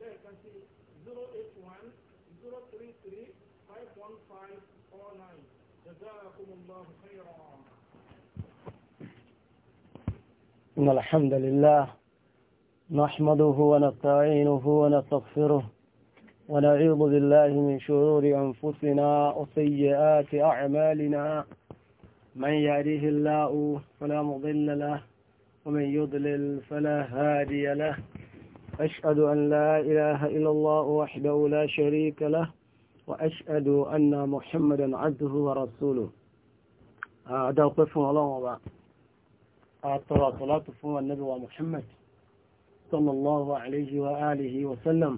There you can see 081 جزاكم الله خيرا إن الحمد لله نحمده ونستعينه ونستغفره ونعوذ بالله من شرور أنفسنا وسيئات أعمالنا من يهده الله فلا مضل له ومن يضلل فلا هادي له أشهد أن لا إله إلا الله وحده لا شريك له وأشهد أن محمدا عبده ورسوله أدعوك فهم الله وبعد أعطوا صلاة فهم النبي ومحمد صلى الله عليه وآله وسلم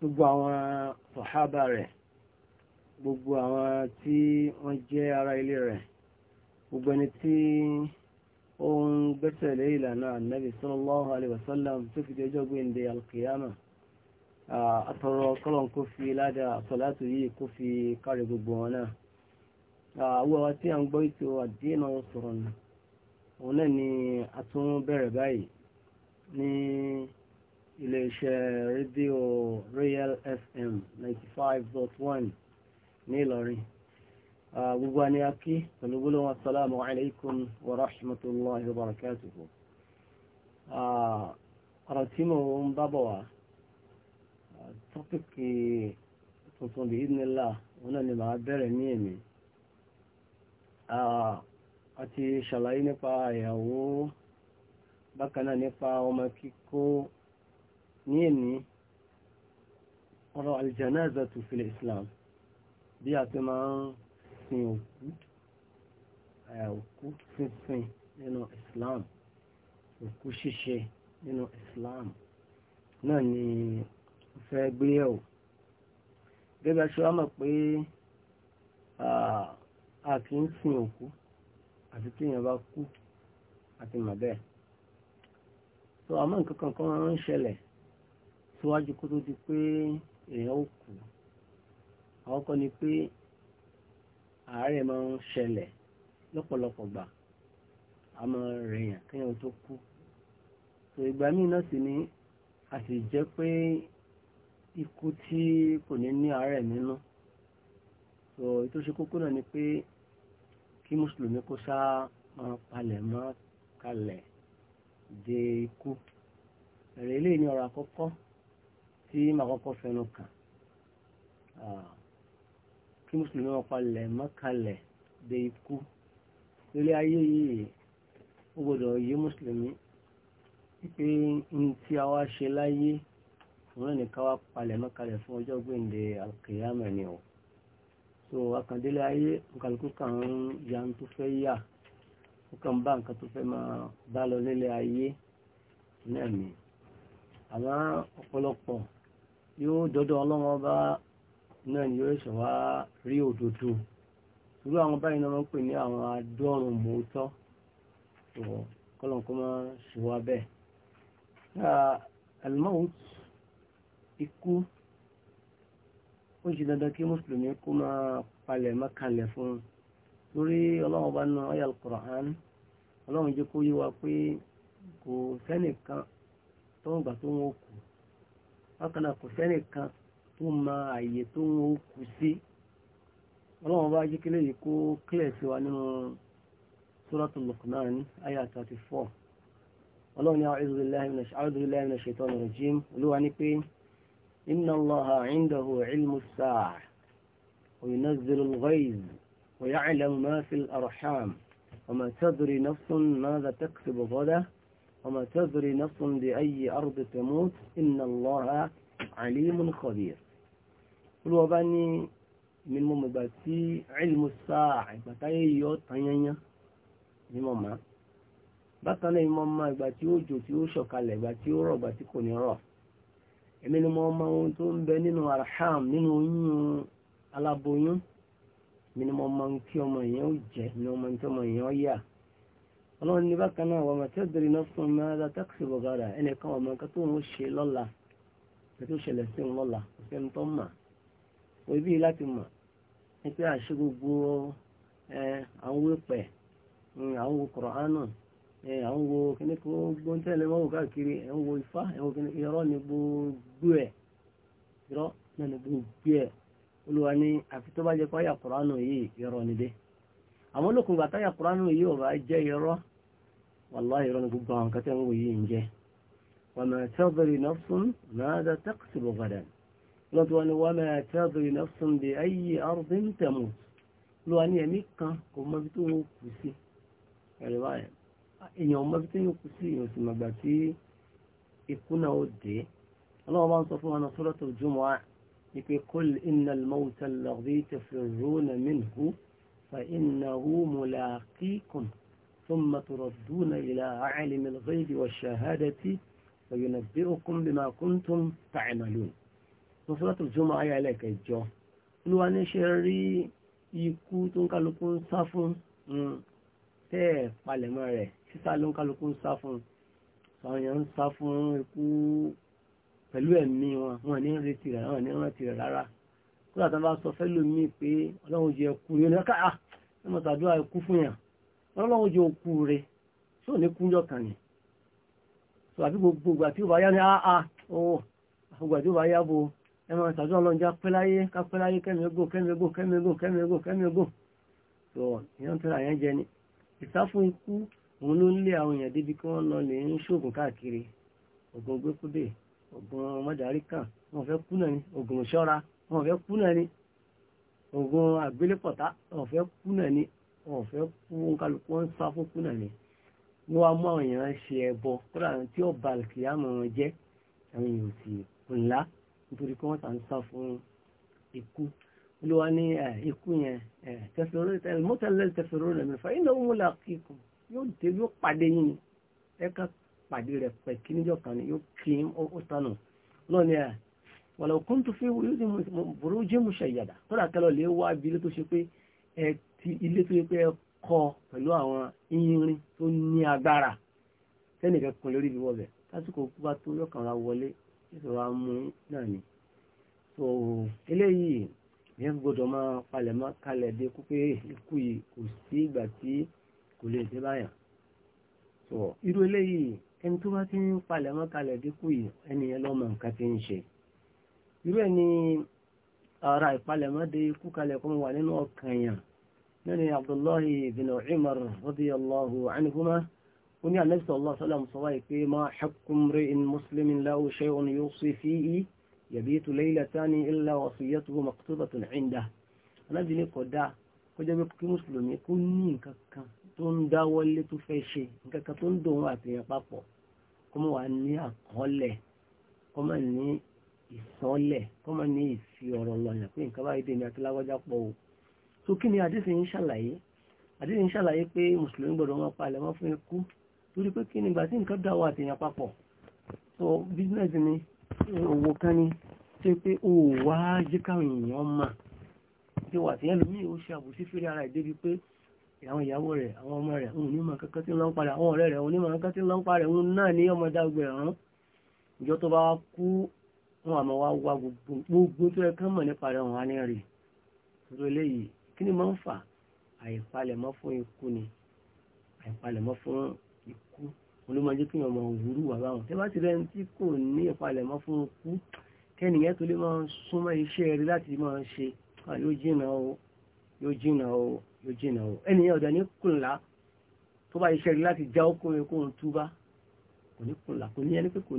gbogbo àwọn sọ̀hábà rẹ̀ gbogbo àwọn tí wọ́n jẹ́ ara ó ń gbẹ́sẹ̀ lé ìlànà ànábì sallallahu alaihi wasallam tó fi dẹjọ́ gbéǹde alkiyama àtọ̀rọ̀ kọ́lọ̀n kó fi ládà àtọ̀látò yìí kó fi kárí gbogbo wọn náà àwọn àwọn tí a ń gbọ́ ètò àdínà sọ̀rọ̀ nù òun náà ni a tún bẹ̀rẹ̀ báyìí ní iléeṣẹ́ rédíò Royal FM 95.1 ní Ìlọrin gbogbo àni akí pẹ̀lú gbólóhùn asalaamu alaykum wa rahmatulahi wa barakatuhu. ọ̀rọ̀ tí mo ń bábọ̀ wá tọ́pìkì tuntun bíi ìdínlá wọn náà ni màá bẹ̀rẹ̀ ní èmi. àti ṣàlàyé nípa ìyàwó bákan náà nípa ọmọ kíkó ní èmi ọ̀rọ̀ aljanazatu fil islam bí a ti máa ń sin òkú òkú sínsìn nínú Islam òkú ṣíṣe nínú Islam náà ni fẹ́ gbé ẹ̀wò gẹ́gẹ́ ṣe wá mọ̀ pé a kì í sin òkú àti tí èèyàn bá kú àti mà bẹ́ẹ̀ so àmọ́ nǹkan kan kan ń ṣẹlẹ̀ síwájú kó tó di pé èèyàn ó kú àwọn ni pé àárẹ̀ máa ń ṣẹlẹ̀ lọ́pọ̀lọpọ̀ gbà a máa rèèyàn kéèyàn tó kú tó ìgbà míì náà sì ni a sì jẹ́ pé ikú tí kò ní ní àárẹ̀ nínú tó ìtòṣe kókó náà ni pé kí mùsùlùmí kó sá máa palẹ̀ mọ́ kalẹ̀ de ikú ẹ̀rẹ̀ eléyìí ni ọ̀rọ̀ àkọ́kọ́ tí màá kọ́kọ́ fẹnu kàn. Ah, kí mùsùlùmí wọn palẹ̀ mọ́kalẹ̀ de ikú lórí ayé yìí ó gbọ́dọ̀ yé mùsùlùmí pé n tí a wá ṣe láyé òun ní ká wá palẹ̀ mọ́kalẹ̀ fún ọjọ́ gbèǹde àkèyàmẹ̀ ni o so akàndélé ayé nkàlùkù kan ń ya tó fẹ́ yà ó kàn bá nǹkan tó fẹ́ máa bá lọ nílé ayé náà ni àmọ́ ọ̀pọ̀lọpọ̀ yóò dọ́dọ̀ ọlọ́wọ́n bá náà ni yóò ṣe wá rí òdodo irú àwọn báyìí náà wọ́n pè ní àwọn adọ́rùn mọ́tọ́ kọ́lọ̀kọ́ máa ṣe wá bẹ́ẹ̀ almaut ikú ó ṣe dandan kí mùsùlùmí kó máa palẹ̀ mọ́kalẹ̀ fún lórí ọlọ́run bá na ayal Qur'an ọlọ́run jẹ́ kó yé wa pé kò sẹ́nìkan tó ń gbà tó ń wọ́n kù bákan náà kò sẹ́nìkan tó mọ àyè tó ń kù sí ọlọ́run bá yíkélé yìí kó kílẹ̀ sí wa nínú suratul Luqman ayà 34 ọlọ́run ni a'udhu billahi minash shaitani rajim olúwa ní pé inna Allaha 'indahu 'ilmus sa'ah wa yunazzilu al-ghayz wa ya'lamu ma fil arham wa ma tadri nafsun madha taksibu ghadan وما تدري نفس بأي أرض تموت إن الله عليم خبير olúwa bá ní ni mo mọ̀gbà tí ilmu sáà ìgbà táyé yọ tanyanyan ni mo máa bákan náà mo máa ìgbà tí ó jò tí ó sọ̀kalẹ̀ ìgbà tí ó rọ̀ ìgbà tí kò ní rọ̀ èmi ni mo máa ohun tó ń bẹ nínú arham nínú oyún aláboyún mi ni mo máa ń kí ọmọ yẹn ó jẹ ni mo máa ń kí ọmọ yẹn ó yà ọlọ́run ní bákan náà wọ́n máa tẹ́tẹ̀rì náà fún mi máa dátákìsì bọ̀gàdà ẹnìkan ọmọ nǹkan tó ń ṣe lọ́la tó ṣẹlẹ̀ sí òun lọ́la kò sẹ́ni tó ń mà òbí láti mọ̀ ní pé àṣẹ gbogbo àwọn wípẹ̀ àwọn wo kọ̀rọ̀ánù àwọn wo kíní kó gbóńtẹ́lẹ̀ wọ́n wò káàkiri àwọn wo ifá àwọn kíní irọ́ ni gbogbo ẹ̀ irọ́ náà ni gbogbo ẹ̀ olùwà ni àfi tó bá jẹ́ pé àyà kọ̀rọ̀ánù yìí irọ́ ni dé àwọn olókùn gbàtà àyà kọ̀rọ̀ánù yìí ò bá jẹ́ irọ́ wàláhì irọ́ ni gbogbo àwọn kẹtẹ́ ń wò yìí ń jẹ́ wàmẹ̀ tẹ́bẹ̀rì náà fún náà dá tẹ́kùsì bọ̀gàdàn لو أن وما تضي نفس بأي أرض تموت لو أن يميقا وما بتوه كسي يعني باية إن يوم ما بتوه كسي يسمى باتي يكون أودي الله ما أنصفه أنا صورة الجمعة يقول إن الموت الذي تفرجون منه فإنه ملاقيكم ثم تردون إلى عالم الغيب والشهادة فينبئكم بما كنتم تعملون ní suratul Jumu'ah ayé ẹlẹ́kẹjọ olúwa ní ṣe rí ikú tó ń kálukú ń sá fún hmm. tẹ́ ẹ̀ palẹ̀mọ́ rẹ̀ sísá ló ń kálukú ń sá fún àwọn èèyàn ń sá fún ikú pẹ̀lú ẹ̀mí wọn wọn ní retí rẹ̀ wọn ní rántí rẹ̀ rárá kódà tó bá sọ fẹ́lò míì pé ọlọ́run jẹ kú rẹ̀ ní káà ah, ẹ mọ̀ sàdúrà ikú fún yàn ọlọ́run jẹ òkú rẹ̀ tó ní kúnjọ kan ni so àbí gbogbo ìgbà tí ó bá yá ní àá ó gbogbo ìgbà ó bá yá bo ẹmọ ìtàjú ọlọ́njá pẹ́láyé kápẹ́láyé kẹ́mẹ́gò kẹ́mẹ́gò kẹ́mẹ́gò kẹ́mẹ́gò kẹ́mẹ́gò tó ìyàn tẹ́lá yẹn jẹ ni ìsáfún ikú òun ló ń lé àwọn èèyàn débi kí wọ́n lọ lè ń ṣoògùn káàkiri ògùn gbẹ́kúdè ògùn ọmọdàrí kan wọn fẹ́ kú náà ni ògùn ìṣọ́ra wọn fẹ́ kú náà ni ògùn àgbélépọ̀tá wọn fẹ́ kú náà ni wọn fẹ́ kú kálukú wọn sá fún kú náà ni wọ́n wá mú àwọn èèyàn ṣe ẹbọ kó nítorí kí wọ́n sà ń sá fún ikú olúwa ní ikú yẹn tẹsirori mọ́tàlẹ́ tẹsirori rẹ̀ mẹ́fà iná òun múlá kíkù yóò dé yóò pàdé yín ni ẹ ká pàdé rẹ̀ pẹ̀ kí níjọ́ kan ni yóò kí ó sànù náà ni wàlá òkun tó fi yóò di burú jẹ́ mu ṣẹ̀yàdà kódà kẹlọ́ lè wá bí ilé tó ṣe pé ẹ ti ilé tó yẹ pé ẹ kọ́ pẹ̀lú àwọn irin tó ní agbára tẹ́nìkan kan lórí ìwọ́bẹ̀ lásìkò bá tó yọkànra wọlé ìṣòro amú náà ni so eléyìí ìyẹn gbọdọ̀ máa palẹ̀ máa kalẹ̀ dé kú pé ikú yìí kò sí ìgbà tí kò lè dé báyàn so irú eléyìí ẹni tó bá ti ń palẹ̀ máa kalẹ̀ dé kú yìí ẹni yẹn lọ́mọ nǹkan ti ń ṣe irú ẹ̀ ni ara ìpalẹ̀mọ́ dé ikú kalẹ̀ kó wà nínú ọkàn yàn náà ni Abdullahi bin Umar radiyallahu anhuma ó ní Ànábì sallallahu alaihi wasallam sọ wáyé pé ma haqqu imri'in muslimin lahu shay'un yusi fihi yabitu laylatan illa wasiyatuhu maktubatun indah Ànábì ní kódà kó jẹ́ pé kí mùsùlùmí kó ní nǹkan kan tó ń dáwọ́lé tó fẹ́ ṣe nǹkan kan tó ń dòun àtìyàn papọ̀ kó mọ̀ wá ní àkọọ́lẹ̀ kó mọ̀ ní ìsọ́lẹ̀ kó mọ̀ ní ìfi ọ̀rọ̀ lọ́yàn pé nǹkan báyìí torí pé kí ni ìgbà tí nǹkan dá wà àtẹ̀yàn papọ̀ so business ni owó kan ni ṣe pé o wá jẹ́ káwọn èèyàn mà ṣe wà àtẹ̀yàn lómi ò ṣe àbòsí fèrè ara ẹ̀ débi pé àwọn ìyàwó rẹ̀ àwọn ọmọ rẹ̀ òun ní mọ̀ kankan tí ń lọ ń parẹ́ àwọn ọ̀rẹ́ rẹ̀ òun ní mọ̀ kankan tí ń lọ ń parẹ́ òun náà ní ọmọ dágbé ẹ̀rán ìjọ tó bá kú wọn àmọ́ wá wá gbogbo tó yẹ kán mọ̀ nípa rẹ̀ wọn á ní rè torí eléyìí kí ni máa ń fà àìpalẹ̀mọ́ fún ikú ni àìpalẹ̀mọ́ fún olómọdé kí wọn mọ òwúrú wà báwọn tẹ bá ti rẹ tí kò ní ìpalẹ̀mọ́ fún kú kẹ́nìyàn tó lè máa súnmọ́ iṣẹ́ rí láti máa ṣe yóò jìnà o yóò jìnà o yóò jìnà o ẹnìyàn ọ̀dà ní kùnlá tó bá iṣẹ́ rí láti já ọkùnrin kó ń túbá kò ní kùnlá kò ní ẹni pé kò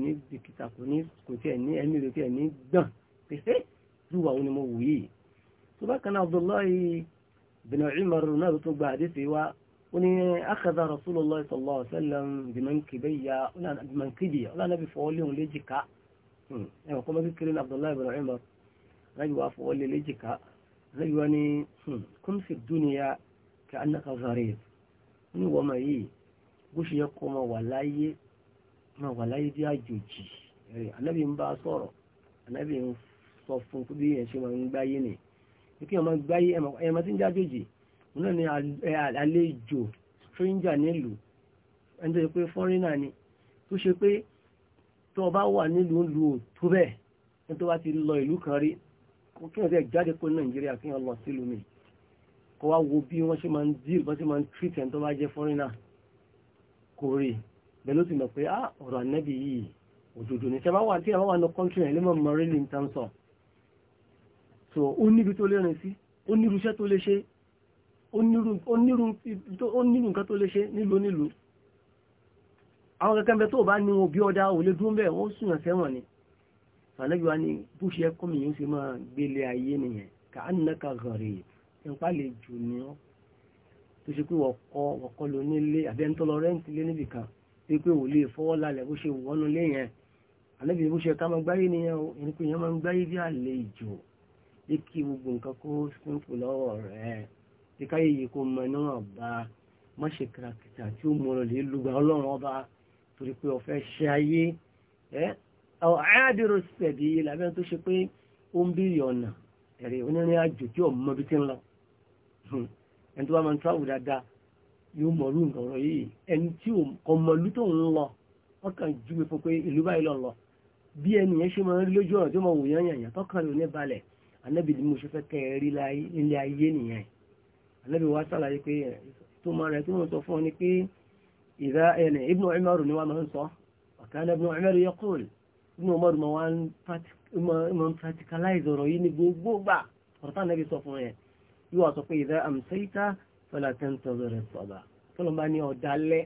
ní ni mo wù yìí tó bá kan Abdullahi bin Umar وني أخذ رسول الله صلى الله عليه وسلم بمنكبية بمنكبية ولا نبي فولي وليجكا يعني قم ذكرين عبد الله بن عمر رجوا فولي ليجكا رجواني كن في الدنيا كأنك غريب ní wọ́n máa yìí bó ṣe yẹ kó máa wà láyé máa wà láyé bí àjòjì ẹ̀rẹ̀ anábì ń bá a sọ̀rọ̀ anábì ń sọ fún bí ẹ̀ ṣe máa ń gbáyé nì kí wọ́n máa gbáyé ẹ̀mọ́ tí ń jájòjì òun náà ni àlejò stranger nílùú ẹni tó ṣe pé foreigner ni tó ṣe pé tó bá wà nílùú ìlú tó bẹ́ẹ̀ ẹni tó bá ti lọ ìlú kan rí kí wọ́n ti jáde kó nàìjíríà kí wọ́n lọ sílùú kó wá wo bí wọ́n ṣe máa ń deal bọ́n ṣe máa ń treat ẹni tó bá jẹ́ foreigner kò rí bẹ́ẹ̀ ló ti mọ̀ pé ah ọ̀rọ̀ ànẹ́bì yìí òdòdó ní ṣẹba wà tí a bá wà ní kọ́ntì rẹ̀ lè mọ̀ mọ̀rẹ́lì ń tán so ó níbi tó lè rìn sí ó ní irúṣẹ́ tó lè ṣe ó nílù nǹkan tó lè ṣe nílùú nílùú àwọn kẹ́kẹ́ bẹ tó bá ní òbí ọdá òlé dún bẹ́ẹ̀ wọ́n sùn ẹ̀sẹ̀wọ̀n ni sàlẹ́bí wa ni bó ṣe kọ́mì yóò ṣe máa gbélé ayé nìyẹn ká ànínàkà gọ̀rẹ̀ nípa lè jù ní ọ́ tó ṣe pé wọ́kọ́ wọ́kọ́ ló nílé àbẹ́ntọ́lọ rẹ́ǹtì lé níbì kan tó pé ò tí káyé yìí kó mọ níwọ̀n bá má ṣe kìràkìtà tí ó mọ̀rọ̀ lè lùgbà ọlọ́run ọba torí pé ọ̀fẹ́ ṣe ayé ẹ́ àádìrò sẹ̀dí làbẹ́ tó ṣe pé ó ń bí ìyọ̀nà ẹ̀rẹ̀ onírìn àjò tí ọmọ bí ti ń lọ hmm. ẹni tó bá máa ń tíráwù dáadáa yóò mọ̀rú nǹkan ọ̀rọ̀ yìí ẹni tí kò mọ̀lú tó ń lọ wọ́n kàn júwe fún pé ìlú báyìí lọ lọ bí ẹni yẹn ṣe máa ń rí lójú ọ̀rọ̀ tó máa wò yán yàn yàn tọ́kàn rẹ̀ balẹ̀ anábìdí mo ṣe fẹ́ kẹ́ ẹ rí ilé ayé nìyẹn ànábì wa sàlàyé pé tó máa rẹ̀ tó mọ̀ sọ fún ọ ni pé ìdá ẹnì ibnu Umar ni wà máa ń sọ ọ̀kan ibnu Umar yaqul ibnu Umar ma wá ń practicalize ọ̀rọ̀ yìí ní gbogbo gbà ọ̀rọ̀ tá ànábì sọ fún ẹ yóò wá sọ pé ìdá amsayta fala tantazir as-sabah tọ́lọ́ bá ní ọ̀dálẹ́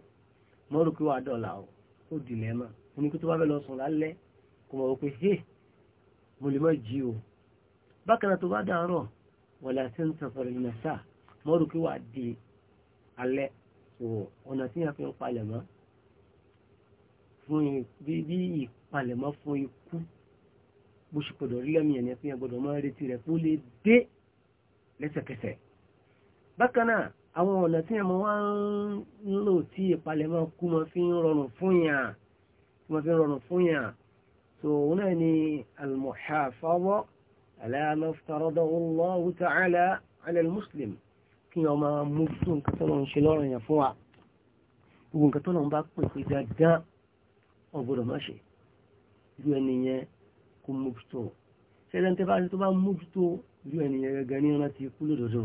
tó bá fẹ́ lọ sùn lálẹ́ kò mọ̀ wípé mọ́rù kí wà di alẹ́ ìwọ̀ ọ̀nà tí a fi ń palẹ̀mọ́ fún bí ìpalẹ̀mọ́ fún ikú bó ṣe gbọdọ̀ rí lẹ́mìí ẹ̀yẹn fi hàn gbọdọ̀ máa retí rẹ̀ kó lè dé lẹ́sẹ̀kẹsẹ̀ bákan náà àwọn ọ̀nà tí ẹmọ wá ń lò tí ìpalẹ̀mọ́ kú mọ́ fi ń rọrùn fún yàn tí wọ́n fi ń rọrùn fún yàn tó òun náà ni al-muhafaza ala ma kí wọ́n máa mú tó nǹkan tó lọ ń ṣe lọ́rùn yẹn fún wa gbogbo nǹkan tó lọ ń bá pè pé dandan ọgbọ́dọ̀ má ṣe irú ẹni yẹn kó mójútó ṣẹlẹ̀ tẹ́ bá rí tó bá mójútó irú ẹni yẹn gẹ́gẹ́ ní rántí ikú lòdòdò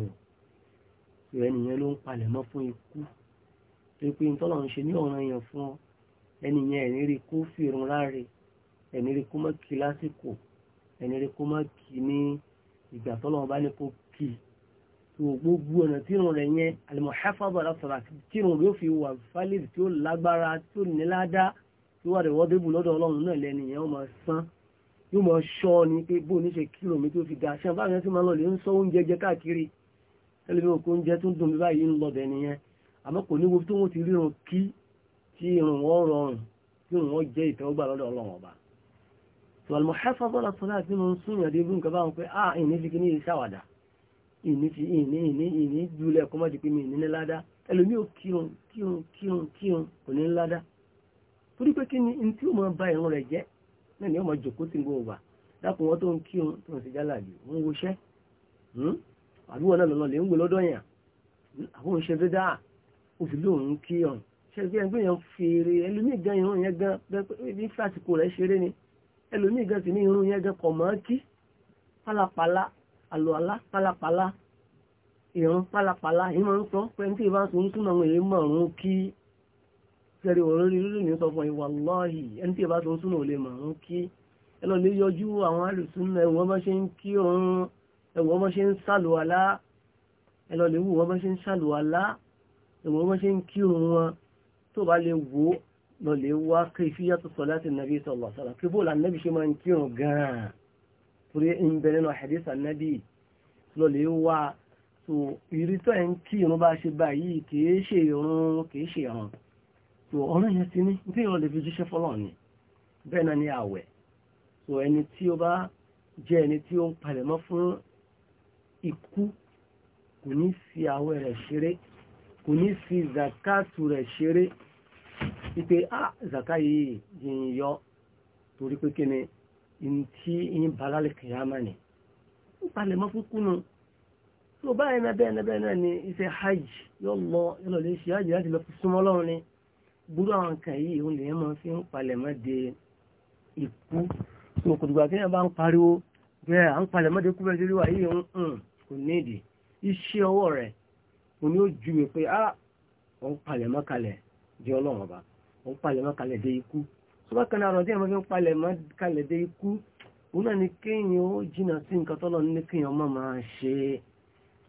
irú ẹni yẹn ló ń palẹ̀ mọ́ fún ikú pé pé tọ́lọ̀ ń ṣe ní ọ̀ràn yẹn fún ẹni yẹn ẹ̀ní rí kó fi irun láre ẹ̀ní rí kó má kí lásìkò ẹ̀ní rí kó má kí ní ìgbà tọ́lọ̀ bá so gbogbo ọ̀nà tírun rẹ̀ yẹn almuhafaza lásọ̀rọ̀ àti tírun rẹ̀ ó fi wà fálídì tí ó lágbára tí ó níláadá tí ó wà rẹ̀ wọ́débù lọ́dọ̀ ọlọ́run náà lẹ́nu yẹn ó máa san yóò máa ṣọ́ ni pé bó ní ṣe kílò mi tó fi ga ṣe báyìí wọ́n ti máa lọ lè ń sọ oúnjẹ jẹ káàkiri ẹlẹ́mi òkú oúnjẹ tó ń dùn mí báyìí ń lọbẹ̀ nìyẹn àmọ́ kò ní wo tó wọ́n ti rírun kí tí irun wọn rọrùn tí irun wọn jẹ́ ìtẹ́wọ́gbà lọ́dọ̀ ọlọ́run ọba tòwàlùmọ̀ hẹ́fọ́ bọ́lá sọ́lá àti irun súnyàn dé bí nǹkan báwọn pé ah ìní fi kí ní iṣẹ́ àwàdà ìní fi ìní ìní ìní jùlẹ̀ kọ́ mọ́jú pé mi ìní ní ládá ẹlòmí ò kírun kírun kírun kírun kò ní ládá torí pé kí ni n tí ó mọ ba ìrun rẹ̀ jẹ́ náà ni ó mọ jòkó sí gbogbo wà dákun wọn tó ń kírun tó ń sì jálà jù wọn ń woṣẹ́ hmm? àbí wọn náà lọ́nà lè ń wo lọ́dọ̀ yàn àwọn òṣèré dídá òsì lóun ń kírun ṣe fi ẹgbẹ́ yẹn fèrè ẹlòmí gan irun yẹn gan bí fásitì rẹ̀ ṣeré ni ẹlòmí gan sì ní irun yẹn gan kọ̀ àlùwàlá pálapàla ìrún pálapàla èyí máa ń sọ pé tí ìbá ń sọ oúnjẹ náà èyí máa ń kí sẹ́rí ọ̀rọ̀ rírì ní sọ fún ìwà lọ́ọ̀hì ẹni tí ìbá sọ oúnjẹ náà lè máa ń kí ẹlọ lè yọjú àwọn alùsùnà ẹ̀wọ̀n bá ṣe ń kí òun ẹ̀wọ̀n bá ṣe ń sàlùwàlá ẹlọ lè wù wọ́n bá ṣe ń gan-an torí ń bẹ nínú hadith ànábì lọ́lẹ̀ wá so ìrítọ́ ẹ̀ ń kí irun bá ṣe báyìí kìí ṣe irun kìí ṣe irun so ọ̀rọ̀ yẹn ti ní bí irun fi jíṣẹ́ fọ́lọ́ ni bẹ́ẹ̀ náà ni àwẹ̀ so ẹni tí ó bá jẹ́ ẹni tí ó ń palẹ̀mọ́ fún ikú kò ní fi àwẹ̀ rẹ̀ ṣeré kò ní fi zakatu rẹ̀ ṣeré wípé ah zaka yìí yìnyín yọ torí pé kí ni tí yín bá lálẹ́ kìyàmá ni ń palẹ̀ mọ́ fún kúnnù tó báyìí náà bẹ́ẹ̀ náà bẹ́ẹ̀ náà ni iṣẹ́ hajj yóò lọ yóò lè ṣe hajj láti lọ fi súnmọ́ lọ́run ni gbúdọ̀ àwọn nǹkan yìí òun lè máa fi ń palẹ̀ mọ́ de ikú tó kùtùgbà kí yẹn bá ń pariwo bẹ́ẹ̀ à ń palẹ̀ mọ́ de kú bẹ́ẹ̀ sí wà yìí ń kò nídìí iṣẹ́ ọwọ́ rẹ̀ òun yóò ju mi pé ah òun palẹ̀ mọ́ kalẹ̀ di ọlọ́run ọba òun palẹ̀ mọ́ kalẹ̀ de ikú sọba kan náà rọ̀dí ẹ̀mọ́gbẹ́ ń palẹ̀ mọ́ kalẹ̀ dé ikú òun náà ni kéèyàn ó jìnà sí nǹkan tọ́lọ̀ ní kéèyàn má máa ṣe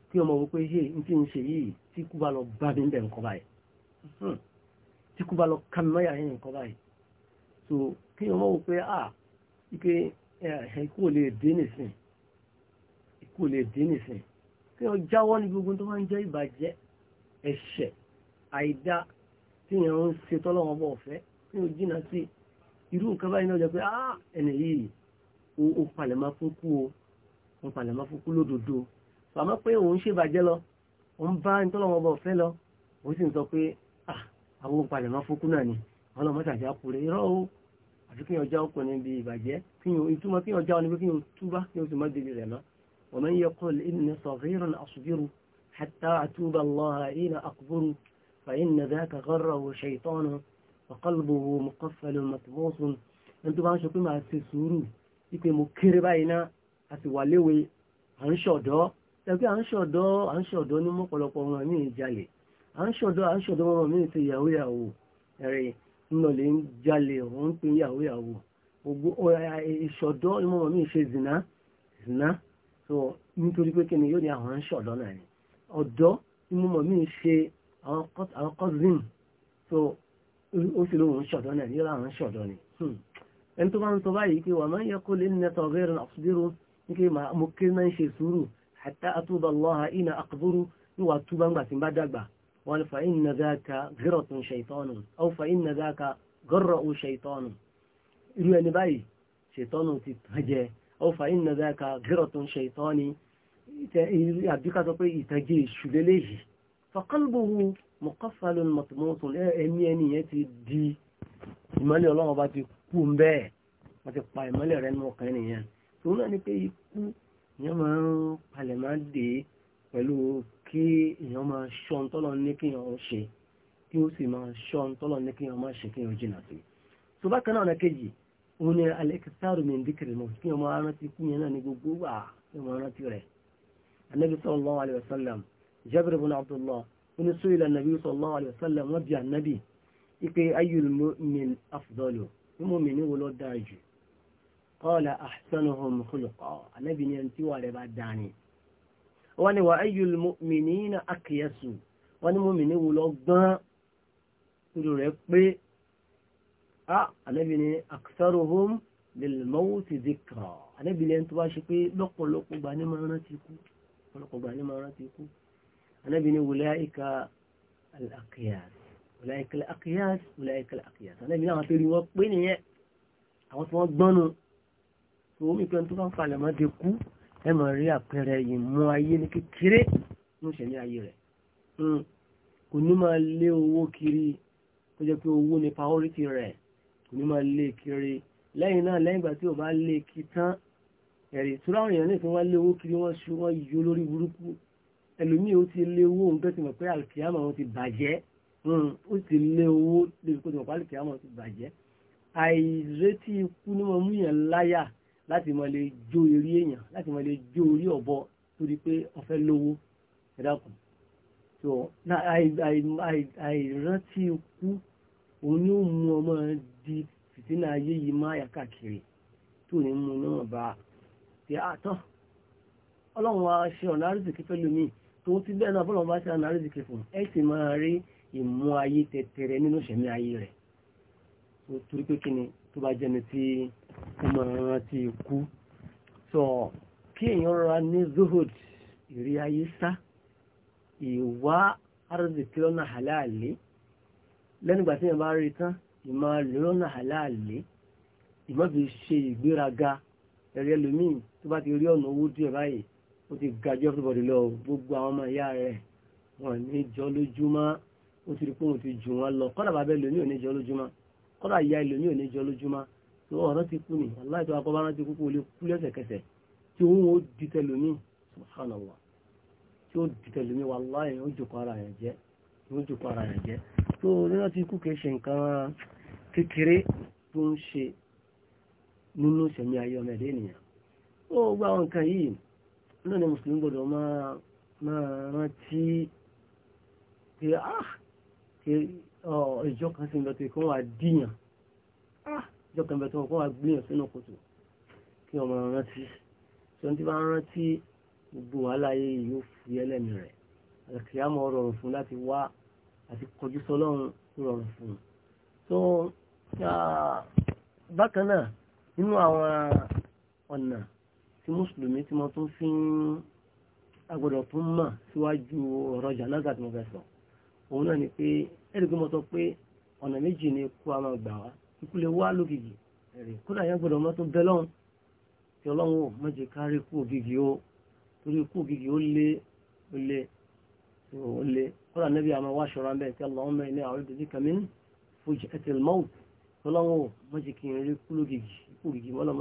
kí ọmọ wò pé hey n tí ń ṣe yìí tí kú bá lọ bá mi bẹ̀ nǹkan báyìí hmm. tí kú bá lọ ká mi mọ́yà yẹn nǹkan báyìí so kéèyàn mọ́ wò pé ah ike eh, ikú ò lè dé nìsín ikú ò lè dé nìsín kéèyàn jáwọ́ ní gbogbo tó máa ń jẹ́ ìbàjẹ́ ẹ̀ṣẹ̀ àìdá kéèyàn ń ṣe tọ́lọ́wọ́n bọ̀ ọ̀fẹ́ kéèyàn jìnà sí i irú nǹkan báyìí náà jẹ́ pé ah ẹni yìí ó palẹ̀mọ́ fún kú o ó palẹ̀mọ́ fún kú lódodo pàmọ́ pé òun ṣèbàjẹ́ lọ òun bá ń tọ́lọ́ wọn bọ̀ fẹ́ lọ òun sì ń sọ pé ah àwọn òun palẹ̀mọ́ fún kú náà ni wọn lọ mọ́tàjà kúrẹ́ irọ́ o àti kí ọjà ọkọ̀ níbi ìbàjẹ́ kí ìtumọ̀ kí ọjà ọ níbi kí o túbá kí o sì débi rẹ̀ náà wọ́n kọ́ ọ̀kọ́lùbòwò mọ̀kànfẹ́lẹ̀ mọ̀tòmọ́sùn ẹni tó bá ń sọ pé máa ṣe sùúrù wípé mo kéré báyìí náà a sì wà léwe à ń ṣọ̀dọ́ tẹ̀pẹ́ à ń ṣọ̀dọ́ à ń ṣọ̀dọ́ ní mọ́pọ̀lọpọ̀ ọmọ mi jalè à ń ṣọ̀dọ́ à ń ṣọ̀dọ́ ọmọ mi ti yàwó yàwó ẹ̀rẹ̀ ńlọlẹ̀ ń jalè òun ń pè yàwó yàwó gbogbo ìṣọ̀dọ́ ọmọ mi ṣe zìnà zìnà so nítorí pé kíni yóò ní àwọn ṣọ̀dọ́ náà ni ọ̀dọ́ ọmọ mi ṣe àwọn cousin ó sì lóun ṣọ̀dọ́ náà yóò láwọn ṣọ̀dọ́ ni hmm. ẹni tó bá ń sọ báyìí pé wà máa ń yẹ kó lè ní ẹ̀tọ́ ọ̀gẹ́rùn àfúdérò ní kí mo kí máa ń ṣe sùúrù àtà àtúbà lọ́ha ìnà àkùbúrú ní wà túbà ń gbà tí ń bá dàgbà wọn ni mọ̀kọ́fàlù mọ̀tòmọ́tòm ẹ̀mí ẹni yẹn ti di ìmọ́lẹ̀ ọlọ́run bá ti kú ń bẹ́ẹ̀ wọ́n ti pa ìmọ́lẹ̀ rẹ nínú ọkàn ènìyàn tòun náà ni pé ikú èèyàn máa ń palẹ̀ máa dé pẹ̀lú kí èèyàn máa ṣọ́ ń tọ́lọ̀ ní kí èèyàn ṣe kí ó sì máa ṣọ́ ń tọ́lọ̀ ní kí èèyàn máa ṣe kí èèyàn jìnà sí. tó bá kan náà kejì òun ni alẹ́kítàrù mi ń díkìrì mọ́ kí èèyàn máa rántí kú yẹn náà ní gbogbo wà kí èèyàn máa rántí rẹ̀. anabi sallallahu alayhi wa sallam jabir ibn abdullah oníṣòwò ìlànà bí sallallahu alaihi wasallam wọ́n bí ànábì ipe ayyul mu'min afdalu mímú mi ní wo ló dáa jù qala ahsanuhum khuluqa ànábì ni ẹni tí wà rẹ̀ bá dáa ni wọ́n ni wà ayyul mu'minina akyasu wọ́n ni mú mi ní wo ló gbọ́n irú rẹ̀ pé a ànábì ni aktharuhum lilmawti dhikra ànábì ni ẹni tó bá ṣe pé lọ́pọ̀lọpọ̀ gbà anábì ní wùláìka al-aqyas wùláìka al-aqyas wùláìka al-aqyas anábì náà tó rí wọn pé nìyẹn àwọn tí wọ́n gbọ́nu tó omi pé tó bá ń falẹ̀ mọ́ ti kú ẹ mọ̀ rí àpẹẹrẹ ìmú ayé ní kékeré ní ìṣẹ̀lẹ̀ ayé rẹ̀ hmm. kò ní máa lé owó kiri tó jẹ́ pé owó ni priority rẹ̀ kò ní máa lé kiri lẹ́yìn náà lẹ́yìn ìgbà tí ò bá lé kí tán ẹ̀rì tó láwọn èèyàn lè fi wọ́n lé owó kiri wọ́n ṣu wọ́n yí olórí burúkú ẹlòmíì ó ti lé owó nǹkan ti mọ̀ pé alìkìyàmọ̀ wọn ti bàjẹ́ hmm, ó ti lé owó lórí kó ti mọ̀ pé alìkìyàmọ̀ wọn ti bàjẹ́ àìretí ikú ní mọ̀ mú yàn láyà láti mọ̀ lè jó orí èèyàn láti mọ̀ lè jó orí ọ̀bọ torí pé wọ́n lówó ẹ̀dàkùn so àìrántí ikú òun ni ó mú ọmọ di fìtínà ayé yìí máa yà káàkiri tó ní mú náà bá a ah, ti àtọ́ ọlọ́run wa ṣe ọ̀nà àrísìkí fẹ́ lómi tó ti bẹ́ẹ̀ náà fọlọ́mọba ṣe àná àrísìkì fún ẹ sì máa rí ìmú ayé tẹtẹrẹ nínú ìṣẹ̀mí ayé rẹ̀ tó torí pé kíni tó bá jẹ́ni tí ó máa rántí ikú sọ kí èèyàn rọra ní zuhud ìrí ayé sá ìwá àrísìkì lọ́nà àláàlé lẹ́nìgbà tí èèyàn bá rí tán ìmọ̀ lọ́nà àláàlé ìmọ̀ fi ṣe ìgbéraga ẹ̀rẹ́ lómìn tó bá ti rí ọ̀nà owó díẹ̀ báyìí ó ti gajọ́ everybody lọ gbogbo àwọn ọmọ ìyá rẹ̀ wọn níjọ́ lójúmọ́ ó ti rí pé òun ti jù wọn lọ kọ́dà bàbá ẹlòmí ò níjọ́ lójúmọ́ kọ́dà ìyá ẹlòmí ò níjọ́ lójúmọ́ tó ọ̀rọ̀ ti kú ni aláìtọ́ akọ́bá rántí kúkú olè kú lẹ́sẹ̀kẹsẹ̀ tí òun ó di tẹlòmí subhanallah tí ó di tẹlòmí wallahi ó jòkó ó jòkó ara yẹn jẹ́ tó nínú ti kú kìí ṣe nǹkan kékeré tó ń ṣe nínú ìṣẹ̀mí ayé ọmọ ẹ̀dẹ́ ènìyàn ó gbá àwọn nǹkan yìí náà ni mùsùlùmí gbọdọ̀ máa máa rántí pé ah pé ìjọ kan sì ń lọ tó díyàn ah ìjọ kan bẹ̀ tó kí wọ́n wá gbìyàn sínú kòtò kí ọmọ rántí tí wọ́n ti bá rántí gbogbo wàhálà yìí yóò fi ẹlẹ́mìí rẹ̀ àkìyàmọ̀ rọrùn fún láti wá àti kọjú sọlọ́run rọrùn fún tó bákan náà nínú àwọn ọ̀nà tí mùsùlùmí tí mo tún fi ń agbọ́dọ̀ tún mọ̀ síwájú ọ̀rọ̀ jànáza tí mo fẹ́ sọ òun náà ni pé ẹ̀rí pé mo sọ pé ọ̀nà méjì ni ikú a máa gbà wá ikú lè wá lókìkì ẹ̀rí kódà yẹn gbọ́dọ̀ mọ́ tó bẹ́ lọ́hùn tí ọlọ́run ò má jẹ́ ká rí ikú ògìgì o torí ikú ògìgì ó lé ó lé ó lé kódà níbi àmọ́ wá ṣọ́ra mẹ́ tí ọlọ́run mẹ́ ní àwọn ìdílé kàmí fojì ẹtì mọ́ọ̀tì ọlọ́run ò má kí n rí ikú lókìkì ikú ògìgì mọ́lá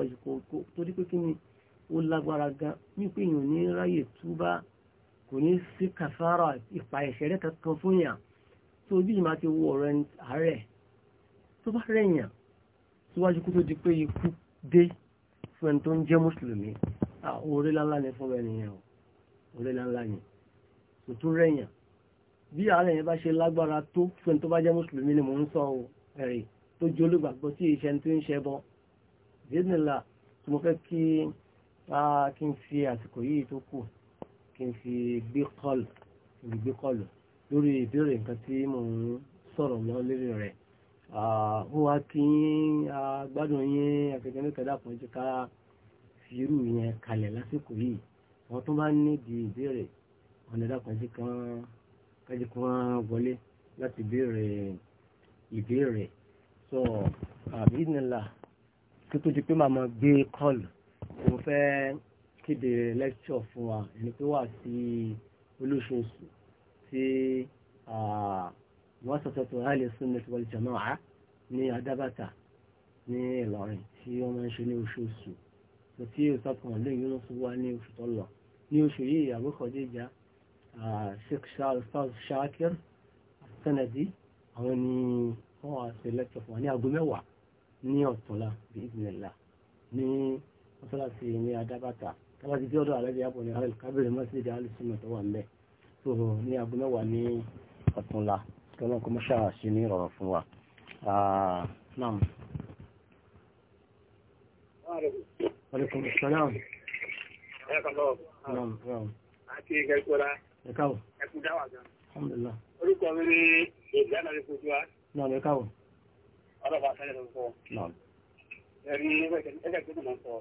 ó lágbára gan wípé èèyàn ní ráyè túbá kò ní sí kàfàrà ìpa ìṣẹ̀rẹ́ kankan fún yàn tó bí ìmá ti wọ ọ̀rọ̀ ẹni àárẹ̀ tó bá rẹ̀yàn síwájú kó tó di pé ikú dé fún ẹni tó ń jẹ́ mùsùlùmí orí lánlá ni fún ẹnìyàn orí lánlá ni kò tó rẹ̀yàn bí àárẹ̀ yẹn bá ṣe lágbára tó fún ẹni tó bá jẹ́ mùsùlùmí ni mò ń sọ ẹ̀rì tó jẹ́ olùgbàgbọ́ sí iṣẹ́ tó ń ṣẹbọ zidnila tí mo fẹ́ kí Ah, kí n fi àsìkò yìí tó kù kí n fi gbé kọlù kí n fi gbé kọlù lórí ìbéèrè nǹkan tí mò ń sọ̀rọ̀ lọ lórí rẹ̀ ó ah, wá kí gbádùn yín akẹ́kẹ́ ní kẹ́dà kan jẹ́ ká fi irú yẹn kalẹ̀ lásìkò yìí àwọn tó bá nídìí ìbéèrè ọ̀nà ìdàkànjẹ́ kan kájí kan wọlé láti béèrè ìbéèrè sọ àbí nílà kí tó di pé màá gbé kọlù mo fẹ́ kéde lecture fún wa ẹni pé wà sí olóṣooṣù tí wọ́n sọ̀tọ̀ tó hálẹ̀ sunnah wal jama'ah ní adábàtà ní ìlọrin tí wọ́n máa ń ṣe ní oṣooṣù tó tí ìsọkàn lóyún ló fún wa ní oṣù tó lọ ní oṣù yìí àgbékọ̀dé ìjà sheikh shakir sanadi àwọn ni wọ́n wá sí lecture fún wa ní aago mẹ́wàá ní ọ̀túnla bí ìgbìnlẹ̀ ní mọ́sálásí ní adábàtà tábà ti dé ọ̀dọ̀ àlẹ́bí àbọ̀ ní alẹ́ kábẹ̀rẹ̀ mọ́sídì alùsùnmọ̀ tó wà ńbẹ̀ tó ní aago mẹ́wàá ní ọ̀túnla kí wọ́n kọ́ mọ́ṣáà ṣe ní ìrọ̀rọ̀ fún wa. naam. aleykum salaam. naam naam. àti ìkẹ́kọ̀ọ́ra. ẹ̀ka o. ẹ̀kú dáwà gan. alhamdulilah. orúkọ mi ni èdè ànàlẹ́ fojú wa. naam ẹ̀ka o. ọlọ́pàá sẹ́yìn ló ń sọ. naam. ẹ̀rí ẹ̀kẹ́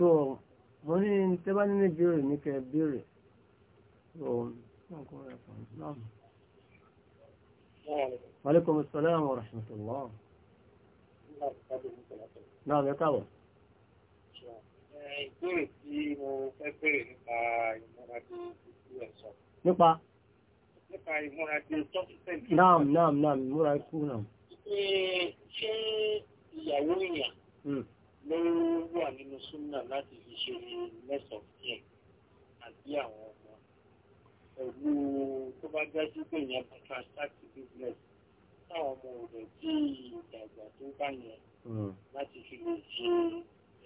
so mo ní tẹ́ bá nílé béèrè ní kẹ́ béèrè so náà kọ́ rẹ̀ Náà bẹ káwọ̀. Ìbéèrè tí mo fẹ́ béèrè nípa ìmúra tí ìlú sọ. Nípa? Nípa ìmúra tí tọ́sítẹ̀lì. Náà pé yẹn bá transact business táwọn ọmọ rẹ̀ tí ìdàgbà tó bá yẹn hmm. láti fi lè ṣe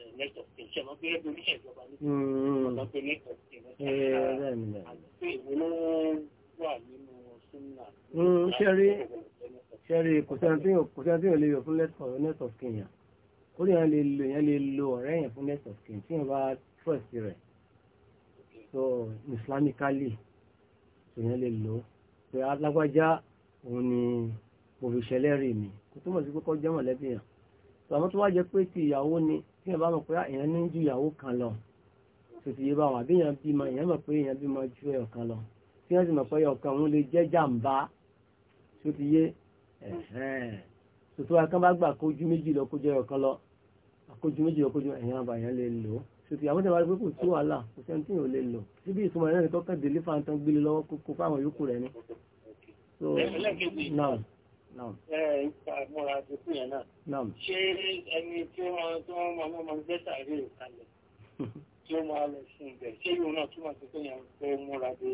eh, networking ṣe máa gbé orí ìjọba ní ọ̀dọ́ hmm, hmm, pé networking eh, àti pé ìwé wà nínú súnmà. ṣẹ́rí kò sẹ́ni tí lè yọ fún networking yẹn kórè yẹn lè lo yẹn lè lo ọ̀rẹ́ yẹn fún networking tí yẹn bá trust rẹ̀ so islamically so yẹn lè lo pé alágbájá òun ni òfìṣẹ́lẹ́rì mi kò túmọ̀ sí pé kọ́ jẹ́ mọ̀lẹ́bí yàn tọ́mọ́ tó wá jẹ́ pé ti ìyàwó ni kí ẹ bá mọ̀ pé ah, èèyàn ní ju ìyàwó kan lọ tó ti yé báwọn àbí èèyàn bímọ èèyàn mọ̀ pé èèyàn bímọ ju ẹ̀ ọ̀kan lọ tí wọ́n sì mọ̀ pé ọ̀kan òun lè jẹ́ jàǹbá tó ti yé tòtò akán bá gbà kójú méjì lọ kójú ọ̀kan lọ kójú méjì lọ kójú èèyàn àbàyàn lè lò ó ṣùtì àwọn ìjọba pé kò sí wàhálà kò sẹ́ni tí yóò lè lò síbi ìsúnmọ́ ẹ̀rẹ́ tó kàn délé fáwọn tán gbélé lọ́wọ́ kókó fáwọn yòókù rẹ̀ ni. ẹlẹ́kejì náà ṣé ẹni tí ó máa tó máa máa máa gbé sàárè kalẹ̀ tí ó máa lọ sí ibẹ̀ ṣé yóò náà túmọ̀ sí pé yẹn fẹ́ múra dé.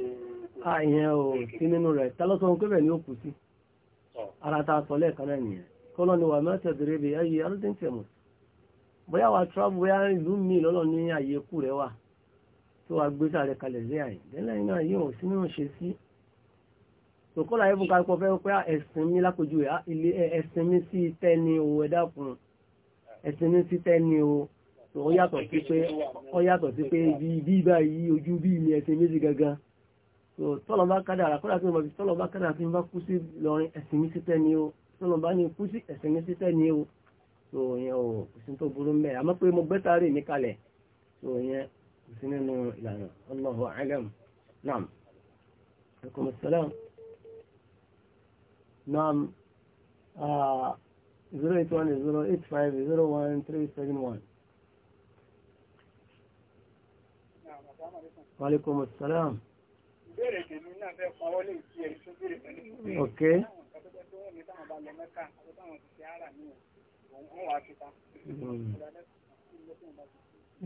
àìyẹn ah, o sí nínú rẹ̀ tá ló sọ pé bẹ́ẹ̀ ni ó kù sí. ara ta sọ lẹ́ẹ̀kan náà nìyẹn kọ́lọ́ ni wà mẹ́tẹ̀ẹ̀dẹ̀rẹ̀ bíi ayé arúgbó ń tẹ̀ mọ̀ sí bóyá wa travel bóyá ìlú mi lọ́lọ́ ní àyè ikú rẹ wà tó wa gbé sáré kalẹ̀ sí àyè dẹ́lẹ̀ iná yìí ò sí náà ṣe sí tòkọ́lá yìí fún ká pọ̀ fẹ́ pé ẹ̀sìn mi lápòjú ah, ẹ̀sìn mi sí tẹ́ni o ẹ̀dá fún ẹ̀sìn mi sí tẹ́ni o ó yàtọ̀ sí pé ó yàtọ̀ sí pé bí báyìí ojú bí mi ẹ̀sìn méjì gangan tọ́lọ̀bá kádàrà kọ́lá tí mo fi tọ́lọ̀bá kádàrà fi ń bá kú sí lọrin ẹ̀sìn mi sí tẹ́ni o tọ́lọ̀bá ní kú sí ẹ̀sìn mi sí tẹ́ni o so yẹn o kò sí tó burú mẹ́ àmọ́ pé mo gbẹ́ta rí mi kalẹ̀ so yẹn kò sí nínú ìlànà Allahu alam Nam. alaikum assalam naam ah, zero eight one zero eight five zero one three seven one. Wa alaikum assalam ìbéèrè tèmi náà fẹ́ fún ọwọ́ lè fi ẹ̀sùn bèrè pẹ̀lú ìbéèrè.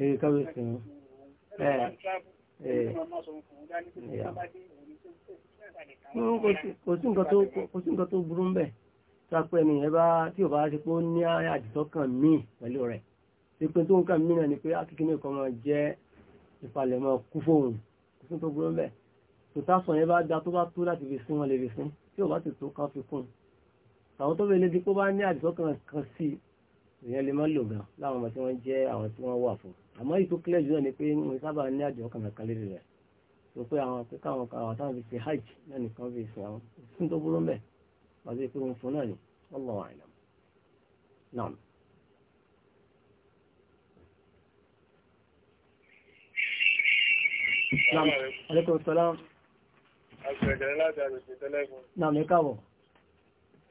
Èyí ká lè sìn. Kò sí nǹkan tó burú ń bẹ̀. Sápẹ́ ni ẹ bá tí ò bá rí pé ó ní àdìsọ́kàn míì pẹ̀lú rẹ̀. Ìpé tó ń kà mí náà ni pé akíkí ní ọkọ̀ máa jẹ́ ìpalẹ̀mọ́ kú fóun. Kò sí nǹkan tó burú ń bẹ̀. Tòtá sọ yẹn bá da àwọn tó bẹ̀rẹ̀ di pé bá ní àdìsọ́ kan kan sí ìyẹn lè má lò gan láwọn ọmọ tí wọ́n jẹ́ àwọn tí wọ́n wà fún àmọ́ èyí tó kílẹ̀ jùlọ ni pé mo sábà ní àdìsọ́ kan kan lérí rẹ̀ tó pé àwọn pé káwọn àwọn táwọn fi ṣe hajj náà nìkan fi ṣe àwọn fún tó burú mẹ́ wọ́n ti pé wọn fún náà ni Allahu a'lam náà. Naam, alaikum salaam. Àgbẹ̀dẹ̀ láti àgbẹ̀dẹ̀ tẹ́lẹ̀ fún. Naam,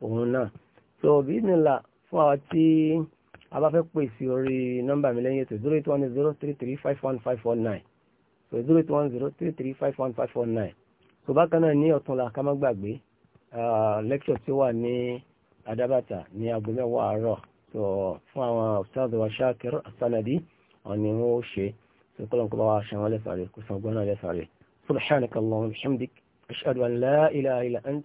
òun náà so bí nílà fún àwọn tí a bá fẹ́ pè sí orí nọ́mbà mi lẹ́yìn ètò zero eight one zero three three five one five four nine so zero eight one zero three three five one five four nine so bákan náà ní ọ̀túnla ká má gbàgbé lecture tí ó wà ní adabata ní aago mẹ́wàá àárọ̀ so fún àwọn ustaz wa Shakir As-Sanadi àwọn ni wọ́n ó ṣe so kọ́lọ́n kó bá wa ṣe wọn lẹ́sàrẹ́ kó san gbọ́n náà lẹ́sàrẹ́ subhanakallahumma wa bihamdik ashhadu an la ilaha illa ant